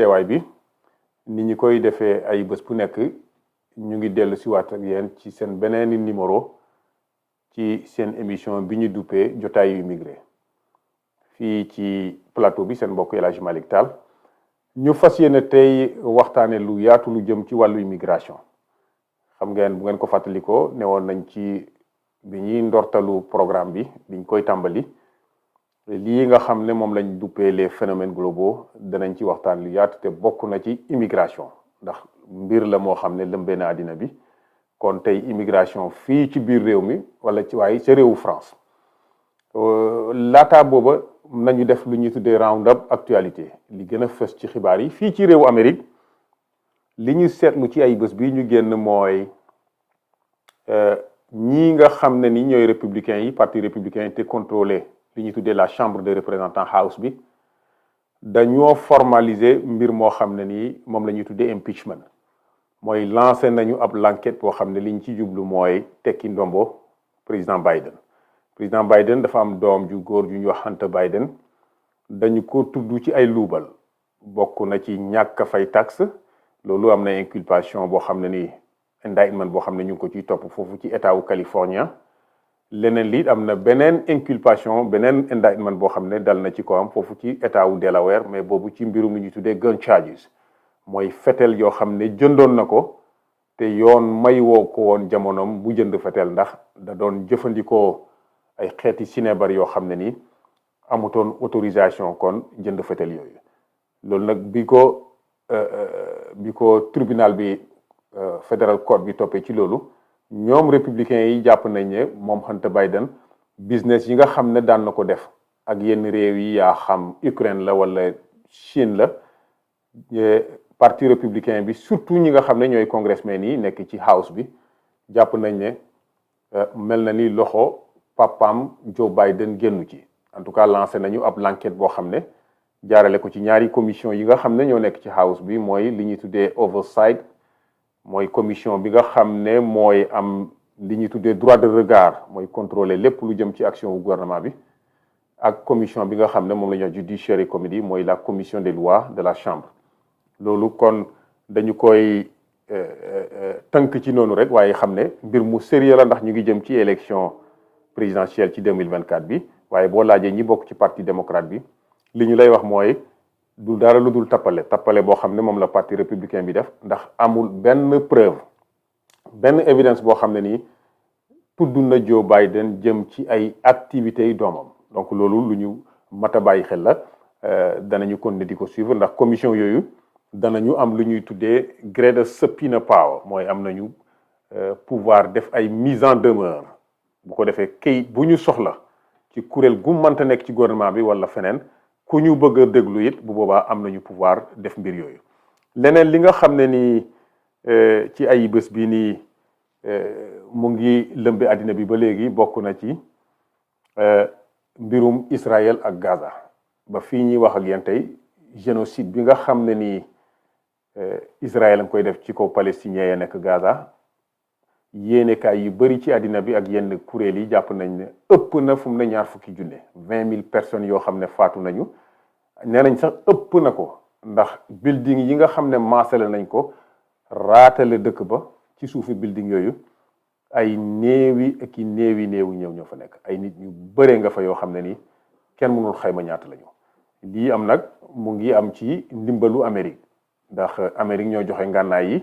teewaay bi ni ñu koy defee ay bës bu nekk ñu ngi dellu siwaat ak yéen ci seen beneeni numéro ci seen émission bi ñu duppee jotaayu immigré fii ci plateau bi seen mbokk El Hadj Malick ñu fas yéene tey waxtaane lu yaatu lu jëm ci wàllu immigration xam ngeen bu ngeen ko fàttalikoo ne woon nañ ci bi ñuy ndortalu programme bi biñ koy tàmbali Li nga xam mom lañ duppee les phénomènes globaux dañ ci waxtaan lu yaatu te bokk na ci immigration ndax mbir la mo xam ne lëmbee na bi kon tay immigration fi ci biir réew mi wala ci way ci réewu France euh, Lata booba nañu def lu ñuy roundup round up actualité li gëna fess ci xibaar yi fi ci réewu Amérique li ñu seetlu ci ay bëss bi ñu moy euh ñi nga xam ni ñoy républicains yi parti républicain te contrôlé li ñuy tuddee la chambre des représentants house bi dañoo formaliser mbir moo xam ne nii moom la ñuy tuddee impeachment mooy lancé nañu ab l'enquête boo xam ne liñ ci jublu mooy tekki ndombo président Biden. président Biden dafa am doom ju góor ju ñuy wax Hunter Biden dañu ko tudd ci ay luubal bokk na ci ñàkk fay taxe loolu am na inculpation boo xam ne nii indictment boo xam ne ñu ngi ko ciy topp foofu ci état wu California. leneen lii am na beneen inculpation beneen indictment boo xam ne dal na ci ko am foofu ci état wu Delaware mais boobu ci mbirum li ñu tuddee gun charges mooy fetel yoo xam ne jëndoon na ko te yoon may woo ko woon jamonoom bu jënd fetel ndax da doon jëfandikoo ay xeeti sinébar yoo xam ne ni amutoon autorisation kon jënd fetel yooyu loolu nag bi ko euh, euh, bi ko tribunal bi euh, fédéral court bi toppee ci loolu ñoom républicains yi jàpp nañ ne moom Hunter Biden business yi nga xam ne daan na ko def ak yenn réew yi yaa xam Ukraine la wala Chine la parti républicain bi surtout ñi nga xam ne ñooy congressmen yi nekk ci house bi jàpp nañ ne euh, mel na ni loxo papaam Joe Biden génnu ci en tout cas lancé nañu ab l'enquête boo xam ne jaarale ko ci ñaari commission yi nga xam ne ñoo nekk ci house bi mooy li ñuy tuddee oversight moy commission bi nga xamné moy am li ñuy tuddee droit de regard moy contrôler lépp lu jëm ci action gouvernement bi ak commission bi nga xamné mom moom la ñuy judiciaire committee moy la commission des lois de la chambre lolu kon dañu koy euh, euh, euh, tank ci nonu rek waye xamné ne mbir mu sérieux la ndax ñu ngi jëm ci élection présidentielle ci 2024 bi waye bo laajee ñi bok ci parti démocrate bi li ñu lay wax moy du dara lu dul tapale, bo boo mom la parti républicain bi def ndax amul benn preuve benn évidence bo xam ni nii na Joe Biden jëm ci ay activités domam donc loolu luñu mata mat xel la euh, danañu continuer di suivre ndax commission yoyu danañu am luñuy tuddé grade de subpoena power mooy am nañu euh, pouvoir def ay mise en demeure bu ko defé kayit buñu soxla ci courel gu mënta nek ci gouvernement bi wala fenen ku ñu bëgg a déglu it bu boobaa am nañu pouvoir def mbir yooyu leneen li nga xam ne nii euh, ci ay bés bi nii euh, mu ngi lëmbe àddina bi ba léegi bokk na ci euh, mbirum Israël ak Gaza ba fii ñuy wax ak yéen tey génocide bi nga xam ne nii Israël a ngi koy def ci kaw palestinien ya nekk Gaza yéenekaay yu bëri ci àddina bi ak yenn kuréel yi jàpp nañ ne ëpp na fum mu ne ñaar fukki junne vingt mille personnes yoo xam ne faatu nañu nee nañ sax ëpp na ko ndax building yi nga xam ne maasale nañ ko raatale dëkk ba ci suufu building yooyu ay néewi ak i néewi néewu ñëw ñoo fa nekk ay nit ñu bëree nga fa yoo xam ne nii kenn mënul xayma ñaata lañu lii am nag mu ngi am ci ndimbalu Amérique ndax Amérique ñoo joxe ngànnaay yi.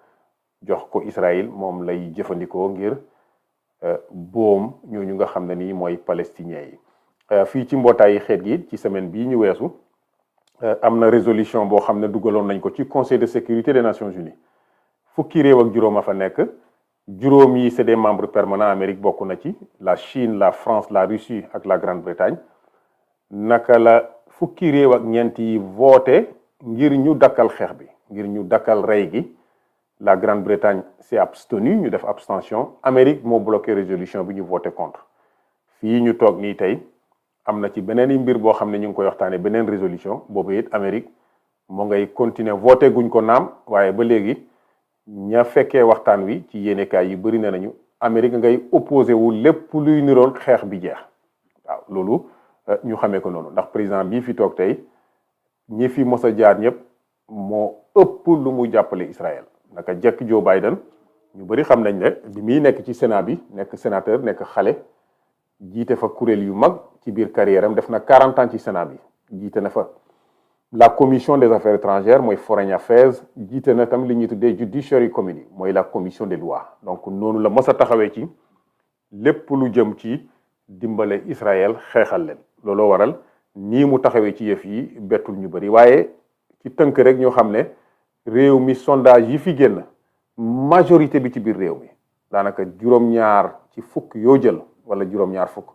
jox ko Israël moom lay jëfandikoo ngir euh, boom ñooñu nga xam ne nii mooy palestiniens yi. Euh, fii ci mbootaayu xeet gi ci semaine bii ñu weesu euh, am na résolution boo xam ne dugaloon nañ ko ci conseil de sécurité des nations unies fukki réew ak juróom a fa nekk juróom yi c'est des membres permanents Amérique bokk na ci la Chine la France la Russie ak la Grande-Bretagne naka la fukki réew ak ñeent yi voté ngir ñu dakkal xeex bi ngir ñu dakkal rey gi la Grande-Bretagne s'est abstenue ñu def abstention Amérique moo bloqué résolution bi ñu voté contre fii ñu toog nii tey am na ci beneen mbir boo xam ne ñu koy résolution boobu Amérique moo ngay continuer voter guñ ko nam waye ba léegi ña fekkee waxtaan wi ci yéenekaay yi bëri nañu Amérique ngay opposé wu lepp luy nirool xex bi jeex waaw lolu euh, ñu xamé ko noonu ndax président bi fi tok tay ñi fi mos jaar ñep mo ëpp lu mu jappalé Israël naka jekk Joe Biden ñu bari xam nañ ne bi mi nekk ci Sénat bi nekk sénateur nekk xalé jiite fa kuréel yu mag ci biir carrière am def na 40 ans ci Sénat bi jiite na fa la commission des affaires étrangères moy foreign affairs jiite na tam li ñuy tuddé judiciary committee moy la commission des lois donc nonu la mos taxawé ci lépp lu jëm ci dimbalé Israël xéxal leen lolo waral ni mu taxawé ci yëf yi bettul ñu bari wayé ci tënk rek ñu xam ne. réew mi sondage yi fi génn majorité bi ci biir réew mi daanaka juróom-ñaar ci fukk yoo jël wala juróom-ñaar fukk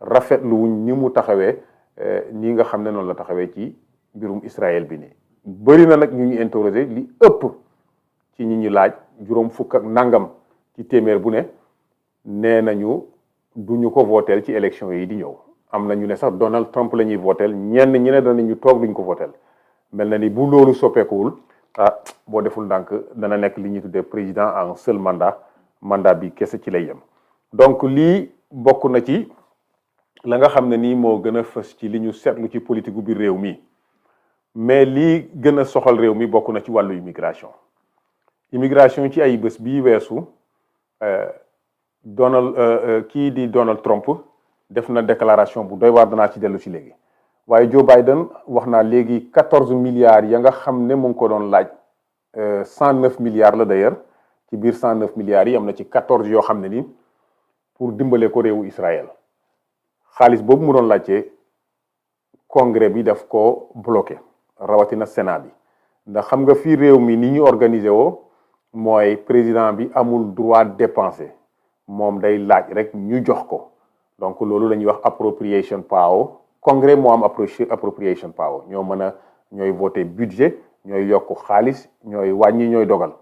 rafetlu wuñ ni mu taxawee eh, nii nga xam ne noonu la taxawee ci mbirum Israël bi ni bëri na nag ñu ñu interroger li ëpp ci ñi ñu laaj juróom fukk ak nangam ci téeméer bu ne nee nañu du ñu ko votel ci élection yi di ñëw. am na ñu ne sax Donald Trump la ñuy votel ñenn ñi ne ñu toog duñ ko votel mel na ni bu loolu soppeekuwul. ah boo deful dank dana nek li ñuy tuddee président en seul mandat mandat bi kessé ci lay yem. donc li bokk na ci la nga xamné ni mo gëna fess ci li ñu seetlu ci politique bi biir réew mi mais li gëna soxal réew mi bokk na ci walu immigration. immigration ci ay bi wessu euh Donald euh, qui euh, di Donald Trump def na déclaration bu doy war dana ci dellu ci léegi. waaye Joe Biden wax naa léegi quatorze milliards ya nga xam ne mu ngi ko doon laaj euh, cent neuf milliards la d'ailleurs ci biir cent neuf milliards yi am na ci quatorze yoo xam ne nii pour dimbalee ko réewu Israël xaalis boobu mu doon laajte congrès bi daf ko bloqué rawatina Sénat bi ndax xam nga fii réew mi ni ñu organisé woo mooy président bi amul droit dépenser moom day laaj rek ñu jox ko donc loolu la ñuy wax appropriation power congrès mo am appropriation power ñoo mëna ñoy voter budget ñoy yokk xaliss ñoy wàññi ñoy dogal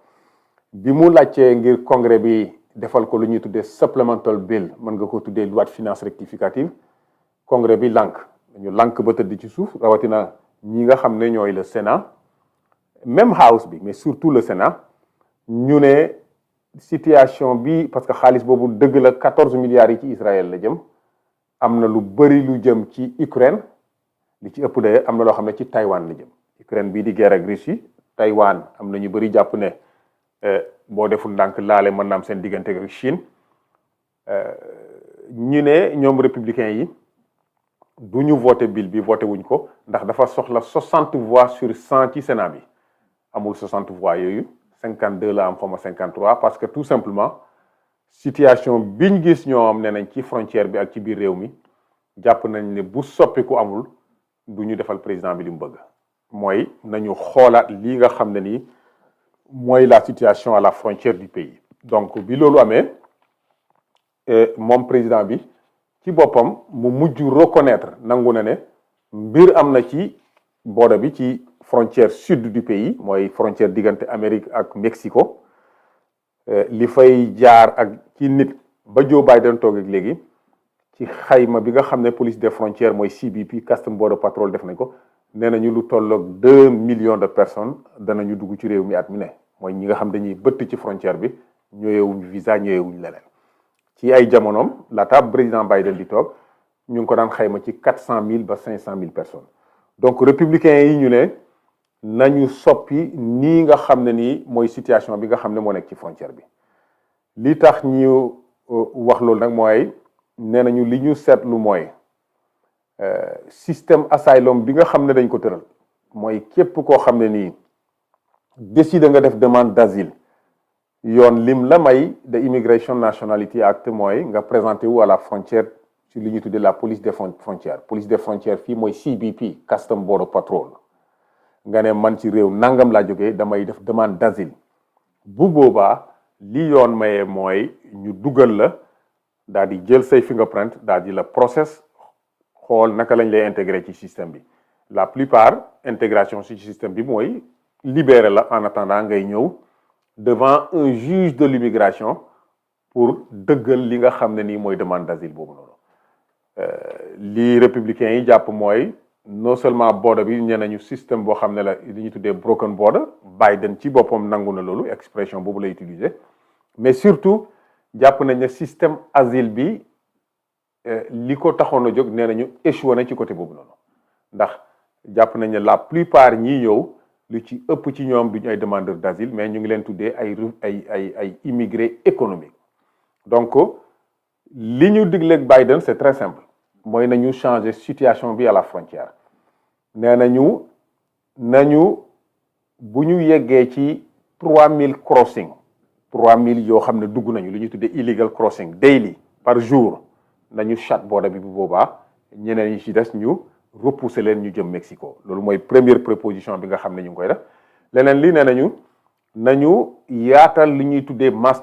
bi mu laccé ngir congrès bi défal ko lu ñuy tuddee supplemental bill mën nga ko tuddé loi de finance rectificative congrès bi lank ñu lank ba tëdd ci souf rawatina ñi nga xamné ñoy le Sénat même house bi mais surtout le Sénat ñu né situation bi parce que xaliss bobu dëgg la 14 milliards yi ci Israël la jëm am na lu bëri lu jëm ci Ukraine li ci ëpp de am na loo xam ne ci Taïwan la jëm Ukraine bii di guerre ak Russie Taïwan am na ñu bëri jàpp ne eh, boo deful ndànk laale mën na am seen diggante ak Chine eh, ñu ne ñoom républicain yi du ñu voté bill bi voté wuñ ko ndax dafa soxla 60 voix sur cent ci Sénat bi amul 60 voix yooyu 52 la am xaw ma 53 parce que tout simplement. situation biñ la frontière bi ak ci biir président bi bëgg nañu la situation à la frontière du pays donc bi eh, président bi ci reconnaître nangu na frontière sud du pays la frontière l'Amérique Amérique ak Mexique, euh, li fay jaar ak ci nit ba Joe Biden toog ak léegi ci xayma bi nga xam ne police des frontières mooy CBP Custom Border Patrol def nañ ko nee nañu lu tolloog deux millions de personnes danañu dugg ci réew mi at mi ne mooy ñi nga xam dañuy bëtt ci frontière bi ñëwewuñ visa ñëwewuñ leneen ci ay jamonoom la laata président Biden di toog ñu ngi ko daan xayma ci quatre cent ba cinq cent personnes donc républicains yi ñu ne. nañu soppi nii nga xam ne nii mooy situation bi nga xam ne moo nekk ci frontière bi li tax ñu euh, wax loolu nag mooy nee nañu li ñu seetlu mooy euh, système asylum bi nga xam ne dañ ko tëral mooy képp koo xam ne nii décider nga def demande d'asile yoon lim la may de immigration nationality act mooy nga présenté wu à la frontière li ñu tuddee la police des frontières police des frontières fii mooy CBP custom border patrol gane man ci réew nangam la jógee damay def demande d'asile bu boba li yoon maye moy ñu duggal la dal di jël say fingerprint dal di la process xol naka lañ lay intégrer ci système bi la plupart intégration ci système bi moy libéré la en attendant ngay ñëw devant un juge de l'immigration pour dëggal li nga xamné ni moy demande d'asile boobu euh li républicains yi japp moy non seulement border bi nee nañu système bo xamné la li ñu tuddé broken border Biden ci bopom nanguna lolu expression bobu lay utiliser mais surtout japp nañ ne système asile bi euh, li ko taxono jog jóg nee échoué na ci côté bobu noonu ndax japp nañ la plupart ñi ñew lu ci ëpp ci ñom duñu ay demandeur d'asile mais ñu ngi leen tuddé ay ay ay ay immigré économique donc li ñu digleeg Biden c'est très simple moy nañu changer situation bi à la frontière nee nañu nañu bu crossing nañu illegal crossing daily par jour nañu chat border bi bu de ñeneen yi repousser ñu Mexico lolu la première proposition bi nga xamné ñu koy def li nañu yaatal mass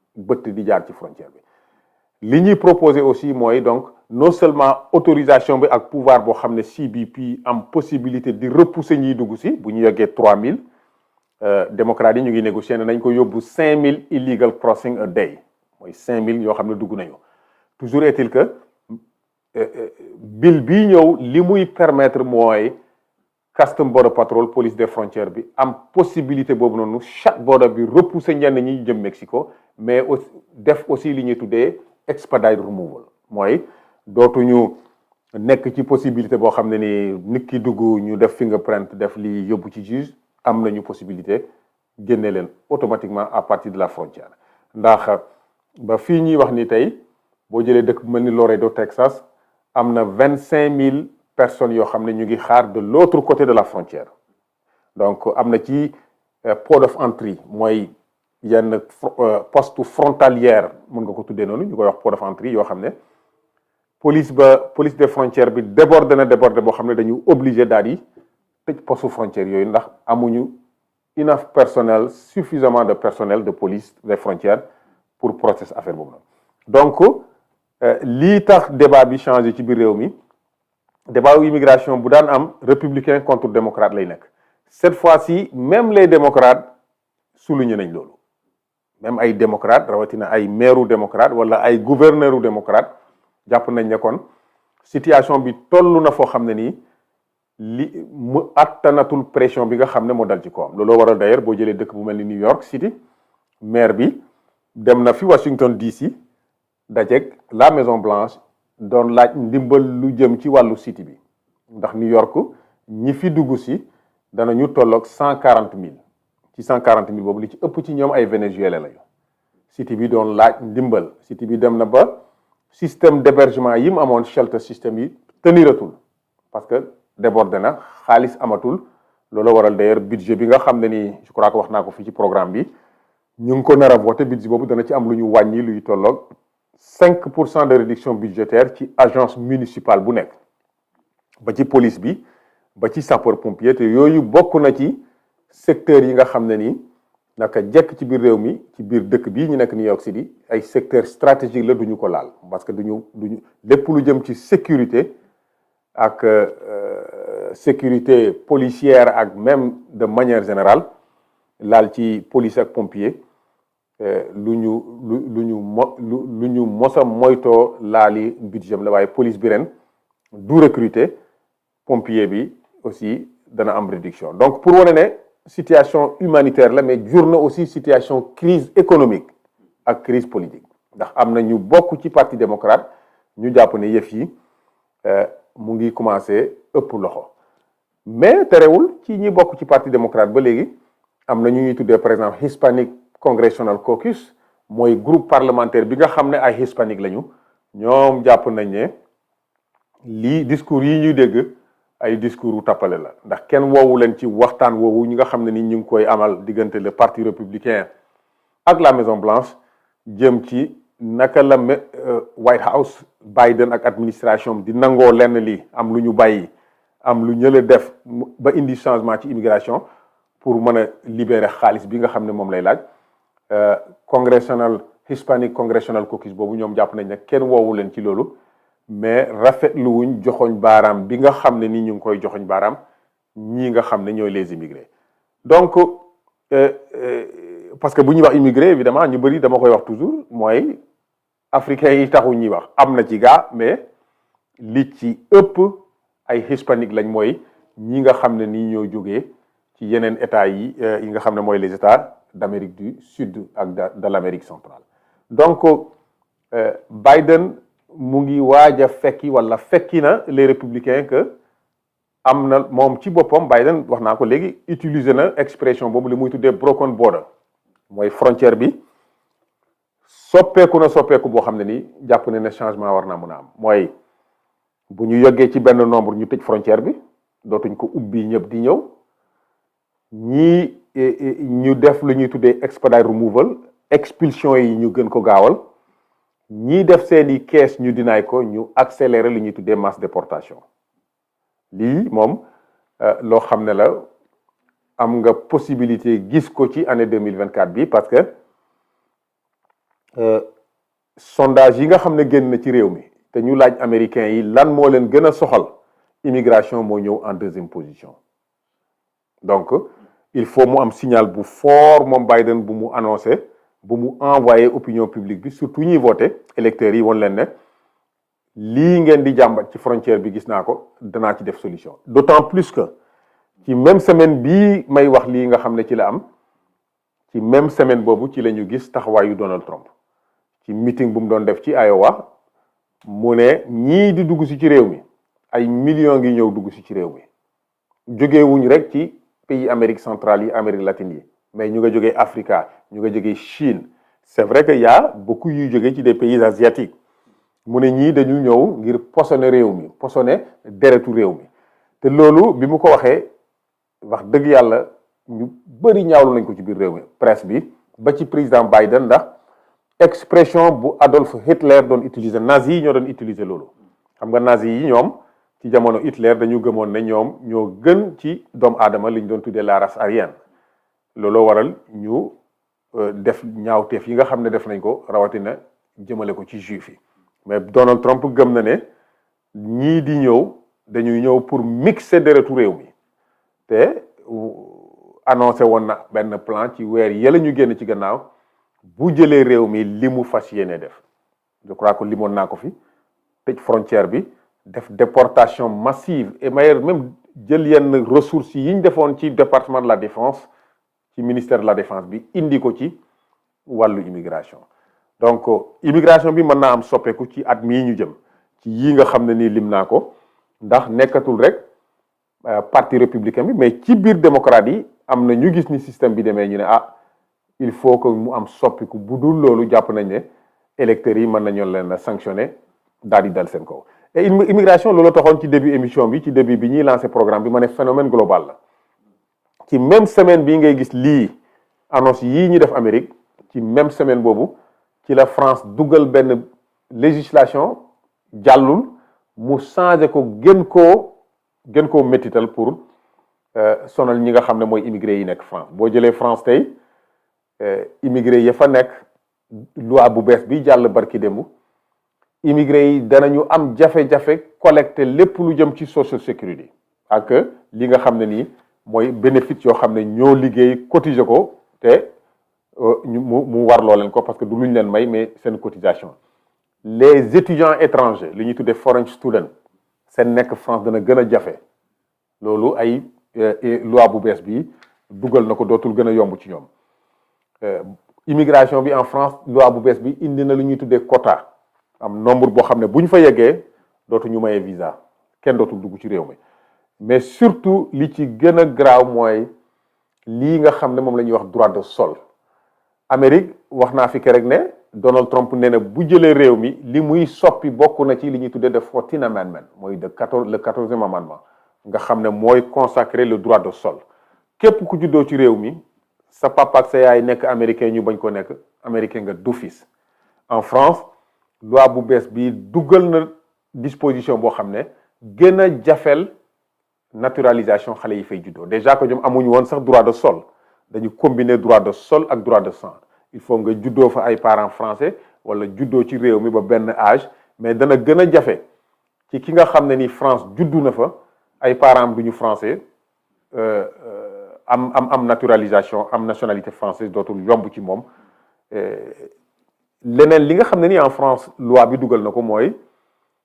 bëtt di jaar ci frontière bi li ñuy proposé aussi mooy donc non seulement autorisation bi ak pouvoir boo xam ne CBP am possibilité di repousser ñiy dugg si bu ñu yeggee 3000 euh, démocrates yi ñu ngi négocier nañ ko yóbbu 5000 illegal crossing a day mooy 5000 yoo xam ne dugg nañu toujours est-il que euh, euh, bill bii ñëw li muy permettre mooy custom border patrol police des frontières bi am possibilité boobu noonu chaque border bi repousser ñenn ñi jëm Mexico mais aussi def aussi li ñuy tuddee expedite removal mooy dootuñu nekk ci possibilité boo xam ne ni nit ki dugg ñu def fingerprint def li yóbbu ci juge am nañu possibilité génne leen automatiquement à partir de la frontière ndax ba fii ñuy wax ni tey boo jëlee dëkk bu mel ni Laredo Texas am na vingt mille personnes yoo xam ne ñu ngi xaar de l'autre côté de la frontière donc am na ci euh, port of entry mooy yenn euh, poste frontalière mun nga ko tuddee noonu ñu koy wax port d'infanterie yoo xam ne police ba police des frontières bi débordé na débordé boo xam ne dañu obligé daal di tëj poste frontière yooyu ndax amuñu enough personnel suffisamment de personnel de police des frontières pour process affaire boobu noonu donc euh, lii tax débat bi changé ci biir réew mi débat immigration bu daan am républicain contre démocrate lay nekk cette fois-ci même les démocrates souligné nañ loolu même ay démocrate rawatina ay maireu démocrate wala ay gouverneuru démocrate japp nañ ne kon situation bi tollu na fo xam ni li mu attanatul pression bi nga xam mo dal ci am lolo waral d'ailleurs bo jëlee dëkk bu melni New York City maire bi dem na fi Washington DC dajeeg la Maison Blanche don laaj ndimbal lu jëm ci wàllu city bi ndax New York ñi fi dugg si dana ñu tollok 140000 six 000 quarante li ci ëpp ci ñoom ay la lañu cité bi doon laaj ndimbal cité bi dem na ba système d'hébergement yi mu amoon shelter système yi teniratul parce que débordé na xaalis amatul loolu waral d'ailleurs budget bi nga xam ne nii je crois que wax naa ko fii ci programme bi ñu ngi ko nar a voté budget boobu dana ci am lu ñu wàññi luy tolloog 5 pour cent de réduction budgétaire ci agence municipale bu nekk ba ci police bi ba ci sapeur pompier te yooyu bokk na ci secteurs yi nga xamné ni nii naka jekk ci biir réew mi ci biir dëkk bi ñu nekk New York City ay secteur stratégique la duñu ko laal parce que duñu duñu lépp lu jëm ci sécurité ak euh, sécurité policière ak même de manière générale laal ci police ak pompier euh, lu luñu luñu lu ñu mo laali budget la waaye police bi ren du recruter pompier bi aussi dana am réduction donc pour woné situation humanitaire là mais jur aussi situation crise économique et crise politique Nous avons beaucoup de partis démocrates, parti démocrate ñu jàpp nous avons yi euh, mu ngi commencé ëpp loxo mais nous ci ñi bokk ci parti démocrate ba léegi am na ñu ñuy tuddee par exemple Hispanic Congressional Caucus moi groupe parlementaire bi nga xam ay hispanique lañu ñoom nous nañ ne lii discours yi ay discours tappale la ndax kenn woowu leen ci waxtaan woowu ñi nga xam ne ni ñu ngi koy amal diggante le parti républicain ak la Maison Blanche jëm ci naka la euh, White House Biden ak administration di nangoo lenn lii am lu ñu bàyyi am lu ñële def ba indi changement ci immigration pour mën a libérer xaalis bi nga xam ne moom lay laaj euh, congressional Hispanic congressional caucus boobu ñoom jàpp nañ ne kenn woowu leen ci loolu mais rafetlu wuñ joxoñ baram bi nga xamné ni ñu ngi koy joxoñ baram ñi nga xamné ñoy les immigrés donc euh, euh, parce que bu wax immigré évidemment ñu bari dama koy wax toujours moy africains yi taxu ñi wax amna ci ga mais li ci ëpp ay hispanique lañ moy ñi nga xamné ni nii ñoo jógee ci yenen états yi euh, yi nga xamné moy les états d'Amérique du Sud ak de l'Amérique centrale donc Biden mu ngi waaj a fekki wala fekki na les républicain que am na moom ci boppam Biden wax naa ko léegi utiliser na expression boobu li muy tuddee broken border mooy frontière bi soppeeku na soppeeku boo xam ne ni jàpp ne na changement war naa mën a am mooy bu ñu yoggee ci benn nombre ñu tëj frontière bi dootuñ ko ubbi ñëpp di ñëw ñii eh, eh, ñu def lu ñuy tuddee expedite removal expulsion yi ñu gën ko gaawal. Ni def seeni kees ñu dinaay ko ñu accélérer li ñuy tuddee masse déportation Li, moom euh, loo xam ne la am nga possibilité gis ko ci année 2024 bi parce que euh, sondage yi nga xam ne génn na ci réew mi te ñu laaj américain yi lan moo leen gën a soxal immigration moo ñëw en deuxième position donc il faut mu am signal bu fort moom Biden bu mu annoncer ba mu envoyé opinion publique bi surtout ñuy voté électeurs yi won leen ne lii ngeen di jamba ci frontière bi gis naa ko danaa ci def solution d'autant plus que ci même semaine bi may wax li nga xam ci la am ci même semaine bobu ci lañu gis taxawaayu Donald Trump ci meeting bu mu doon def ci Iowa mu ne ñii di dugg ci ci réew mi ay millions gi ñew dugg ci ci réew mi jógewuñ rek ci pays Amérique centrale yi Amérique latine yi mais ñu nga jógee Africa ñu nga jógee Chine c'est vrai que y a beaucoup yuy jógee ci des pays asiatiques mu ne ñii dañu ñëw ngir posone réew mi posone deretu réew mi te loolu bi mu ko waxee wax dëgg yàlla ñu bëri ñaawlu nañ ko ci biir réew presse bi ba ci président Biden ndax expression bu Adolf Hitler don utiliser nazi yi don doon utiliser loolu xam nga nazi yi ñoom ci jamono Hitler dañu gëmon né ñom ñoo gën ci doomu adama liñ ñu doon la race aryenne looloo waral ñu euh, def ñaawteef yi nga xam ne def nañ ko rawatina jëmale ko ci juif yi mais Donald Trump gëm na ne ñii di ñëw dañuy ñëw pour mixer deretu réew mi te annoncé woon na benn plan ci weer yële ñu génn ci gannaaw bu jëlee réew mi li mu fas yéene def je crois que limoon naa ko fi tëj frontière bi def deportation massive et mayer même jël yenn ressources yi ñu defoon ci département de la défense ci ministère de la défense bi indi ko ci walu immigration donc euh, immigration bi mën naa am soppeeku ci at mii ñu jëm ci yi nga xamné ni limna ko ndax nekatul rek euh, parti républicain bi mais ci bir démocratie amna ñu gis ni système bi démé ñu né ah il faut que mu am soppiku bu dul loolu jàpp nañ né électeur yi mën nañoo leen a sanctionné daal di dal seen kaw. et immigration lolu taxone ci début émission bi ci début bi ñi lancer programme bi mané phénomène global la ci même semaine bi ngay gis lii annonce yii ñu def Amérique ci même semaine boobu ci la France dugal benn législation jàllul mu changé ko gën koo gën koo métital pour euh, sonal ñi nga xam ne mooy immigré yi nekk France boo jëlee France tey euh, immigré ya fa nekk loi bu bees bi jàll barki démb immigré yi danañu am jafe-jafe collecté lépp lu jëm ci social sécurité ak li nga xam ne nii moy bénéfice yo xamné ne ñoo liggéey cotiser ko te euh, mu war lo leen ko parce que du luñ ñu leen may mais sen cotisation les étudiants étrangers li ñuy tuddee foreign student sen nek France dana gën a jafe loolu ay euh, loi bu bes bi duggal nako dotul gëna yomb ci ñom euh, immigration bi en France loi bu bes bi indi na lu ñuy tuddee quota am nombre bo xamné buñ fa yeggee dotu ñu mayee visa kenn dootul dugg ci réew mi mais surtout li ci gëna graw moy li nga xam mom lañuy wax droit de sol Amérique waxna naa fi rek ne Donald Trump nee na bu jëlee réew mi li muy soppi bokku na ci li ñi tuddee de 14 amendment moy de 14 le 14e amendement nga xam moy consacrer le droit de sol képp ku juddoo ci réew mi sa papa ak sa yaay nek américain ñu bañ ko nek américain nga d'office en France loi bu bees bi duggal na disposition bo xam gëna jafel naturalisation xale yi fay juddoo déjà que ñom amuñu won sax droit de sol dañu combiner droit de sol ak droit de sang il faut nga juddoo fa ay parents français wala juddoo ci réew mi ba ben âge mais dana gën a jafe ci ki nga xamné ni France juddu na fa ay parents français euh, français euh, am am am naturalisation am nationalité française dootul yomb ci euh, leneen li nga xamné ni en France loi bi dugal nako moy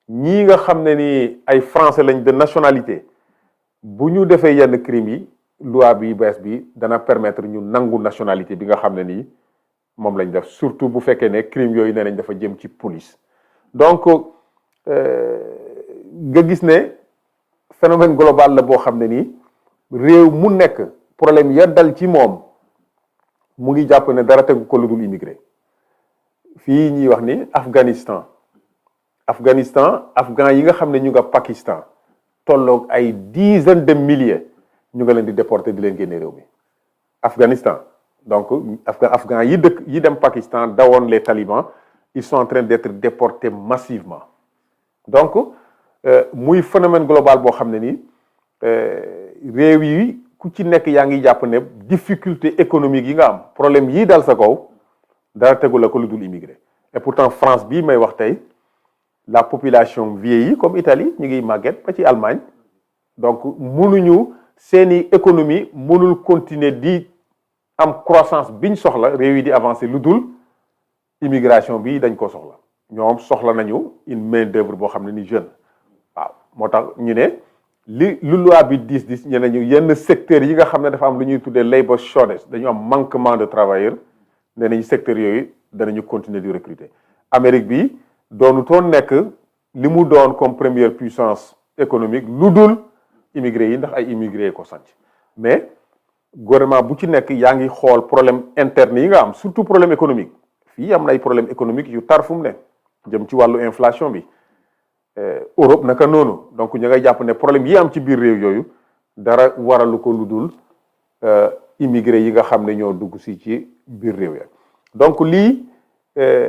ñi nga xamné ni ay français lañ de nationalité buñu ñu yenn crime yi loi bi bees bi dana permettre ñu nangu nationalité bi nga xamné ni mom lañ def surtout bu féké né crime yooyu né nañ dafa jëm ci police donc euh nga gis né phénomène global la bo xamné ni nii réew mu nekk problème ya dal ci mom mu ngi japp né dara tegu ko luddul immigré fi ñi wax ni Afghanistan Afghanistan afghan yi nga xamné ñu nga Pakistan tolok ay dizaines de milliers ñu nga leen di déporter di leen génne réew mi Afghanistan donc afghan afghan yi dëkk yi dem Pakistan dawoon les talibans ils sont en train d'être déportés massivement donc euh, muy phénomène global boo xam ne nii euh, réew yi ku ci nekk yaa ngi jàpp ne difficulté économique yi nga am problème yii dal sa kaw dara tegu la ko lu dul immigré et pourtant France bii may wax tey la population vieillit comme Italie ñu ngi maguette, ba ci Allemagne donc mënuñu seeni économie mënul continuer di am croissance bi soxla réew yi di avancer ludul immigration bi dañ ko soxla ñom soxla nañu une main d'œuvre bo xam ni jeune waaw motax tax ñu ne li loi bi 10 10 ñu ne yenn secteur yi nga xam dafa am lu ñuy tuddee labor shortage dañu am manquement de travailleurs nee nañu secteurs yooyu danañu continuer di recruter Amérique bi doonutoon ton nek limu doon comme première puissance économique L'udul immigré yi ndax ay immigré ko sant mais gouvernement bu ci nek yaa ngi problème interne yi nga am surtout problème économique fi am na problème économique yu tar fu ne jëm ci walu inflation bi euh, Europe naka noonu donc ñi nga japp ne problème yi am ci biir réew yoyu dara waralu ko lu euh, immigré yi nga xam ne ñoo dugg ci ci biir réew ya donc euh,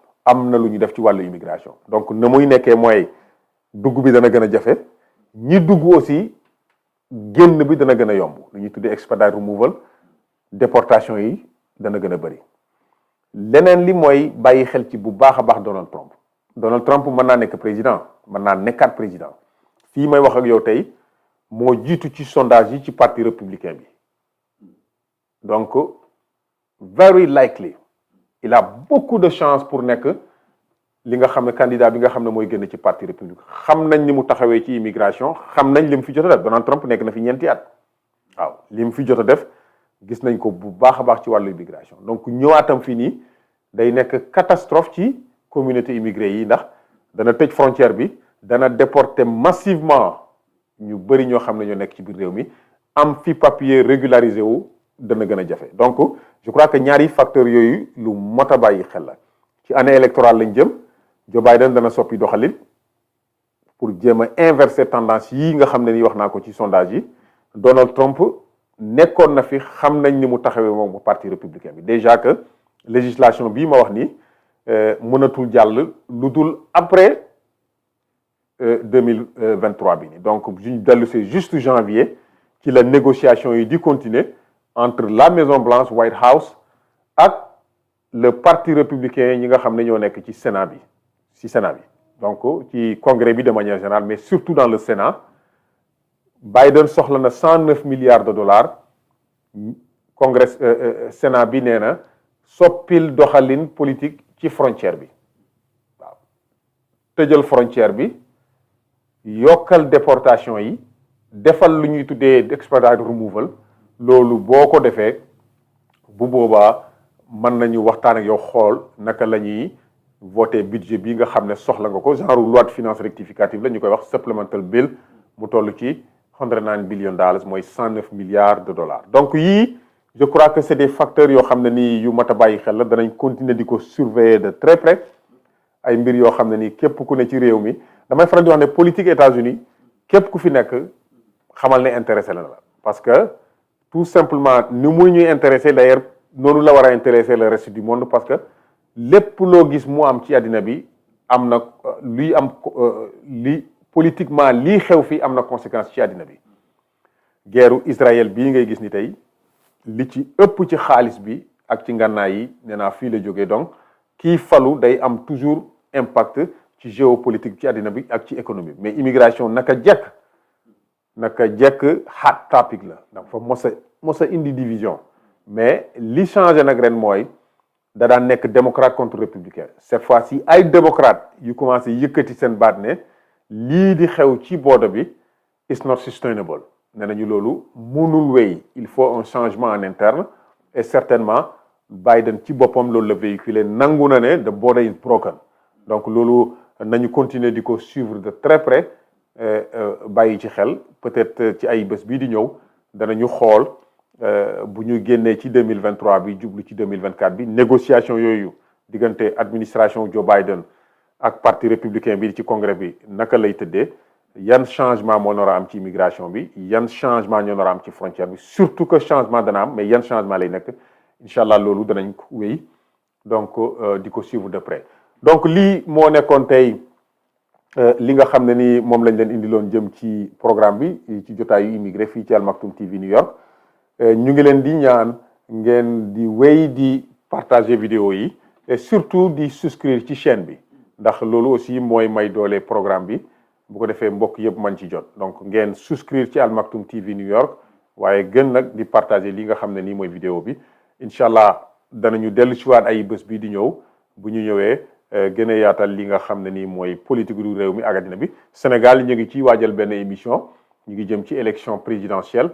amna luñu def ci wàllu immigration donc na muy nekkee moy dugg bi dana gëna jafé ñi dugg aussi génn bi dana gëna a yomb lu ñuy expedite removal déportation yi dana gëna bëri leneen li moy bàyyi xel ci bu baax baax Donald Trump Donald Trump mën naa nekk président mën naa quatre président fii may wax ak yow tey moo jiitu ci sondage yi ci parti républicain bi donc very likely il a beaucoup de chance pour nek li nga xamné candidat bi nga xamné moy mooy ci parti républicain xamnañ ni mu taxawé ci immigration xamnañ lim fi jot def Donald Trump nek na fi ñeenti at waaw lim fi jot def gis nañ ko bu baaxa baax ci wàllu immigration donc ñëwaatam fii nii day nek catastrophe ci communauté immigré yi ndax dana tëj frontière bi dana déporter massivement ñu bëri ñoo xamné ne nek ci biir réew mi am fi papier régularisé wu dana gëna jafé donc je crois que ñaari facteur yoyu lu mot a xel la ci année électorale lañ jëm Joe Biden dana soppi doxalin pour jéem inverser tendance yi nga xamné ni wax ko ci sondage yi Donald Trump nekkoon na fi xam nañ ni mu taxawé moom parti républicain bi déjà que législation bi ma wax ni euh, mënatul jàll lu après euh 2023 bi ni donc suñu dellu c'est juste janvier que la négociation yi di continuer entre la Maison Blanche White House et le parti républicain qui est xam ñoo ci Sénat bi ci Sénat bi donc ci congrès bi de manière générale mais surtout dans le Sénat Biden soxla na 109 milliards de dollars congrès euh, euh, Sénat bi nee sopil dohaline politique ci frontière bi waaw frontière bi yokal déportation yi defal lu ñuy tuddee removal loolu boko defé bu boba man nañu waxtaan ak yow xol naka la voter budget bi nga xamné soxla nga ko genre loi de finance rectificative la ñu koy wax supplemental bill mu tollu ci hundred nine billion dollars moy 109 milliards de dollars donc yi je crois que c'est des facteurs yo xamné ni yu mata a xel la danañ continuer diko surveiller de très près ay mbir yo xamné ni nii képp ku ne ci réew mi damay faral di wax né politique États-Unis képp ku fi nek xamal né intéressé la parce que tout simplement ni muy ñuy intéressé d'ailleurs noonu la wara a intéresser le reste du monde parce que lepp lo gis mu am ci adina bi amna euh, luy am euh, li politiquement li xew fi amna conséquence ci adina bi guerru Israël bi ngay gis ni tay li ci ëpp ci xaalis bi ak ci ngànnaay yi nena fi la donc ki falu day am toujours impact ci géopolitique ci adina bi ak ci économie mais immigration naka jekk naka jekk hot topic la Donc, mos a indi division mais li qui change, c'est que da démocrates contre démocrate contre républicain cette fois ci ay démocrate yu commencé à sen baat ne lii di xew ci bodo bi is not sustainable ne nañu lolu mënul wéy il faut un changement en interne et certainement Biden ci bopom lolu le véhicule nanguna né ne the border is broken donc nous nañu continuer diko suivre de très près peut euh, ci xel peut-être euh, ci ay di euh, bu ñu ci 2023 bi jublu ci 2024 bi négociation administration Joe Biden ak parti républicain bi ci congrès bi naka lay tëddee yan changement moo changement am ci immigration bi changement ci frontière surtout que changement mais changement lay donc di suivre de près donc lii moo Euh, li nga xam ne ni moom lañ leen indiloon jëm ci programme bi ci jotaayu immigré fii ci Al Maktoum TV New York euh, ñu ngi leen di ñaan ngeen di wéy di partager vidéo yi et surtout di souscrire ci chaîne bi ndax loolu aussi mooy may doole programme bi bu ko defee mbokk yëpp man ci jot donc ngeen suscrir ci Al Maktoum TV New York waaye gën nag di partager li nga xam ne nii mooy vidéo bi incha allah danañu dellu ci waat ay bés bii di ñëw bu ñu ñëwee. Eh, gën yaatal li nga xamné ni moy politique du réew mi ak bi Sénégal ñi ngi ci waajal benn émission ñi ngi jëm ci élection présidentielle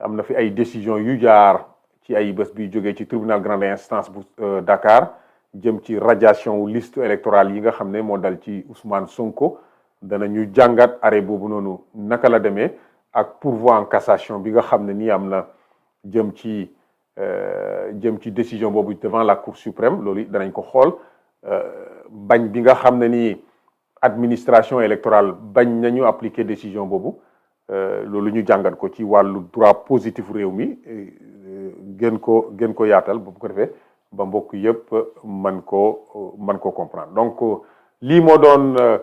amna fi ay décision yu jaar ci ay bés bi joggé ci tribunal grande instance bu euh, Dakar jëm ci radiation ou liste électorale yi nga xamné mo dal ci Ousmane Sonko danañu jàngat arrêt boobu noonu naka la demee ak pourvoi en cassation bi nga xam ne nii am na jëm ci euh, jëm ci décision boobu devant la Cour suprême loolu danañ ko xool. Euh, bañ bi nga xamné ni administration électorale bañ nañu appliquer décision euh lolu ñu jàngat ko ci walu droit positif réew mi euh, gën ko gën ko yaatal bu ko defee ba mbokk yépp man ko man ko comprendre donc li mo doon euh,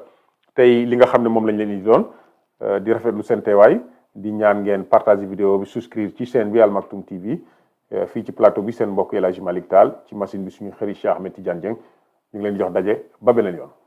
tey li nga xamné mom lañ leen di doon di rafetlu seen teewaay di ñaan ngeen partager vidéo bi souscrire ci chaîne bi Al TV fi ci plateau bi sen mbokk El Hadji Malick Tall ci machine bi suñu xarit Cheikh Ahmed Tidiane Dieng ñu ngi leen jox daje ba beneen yoon.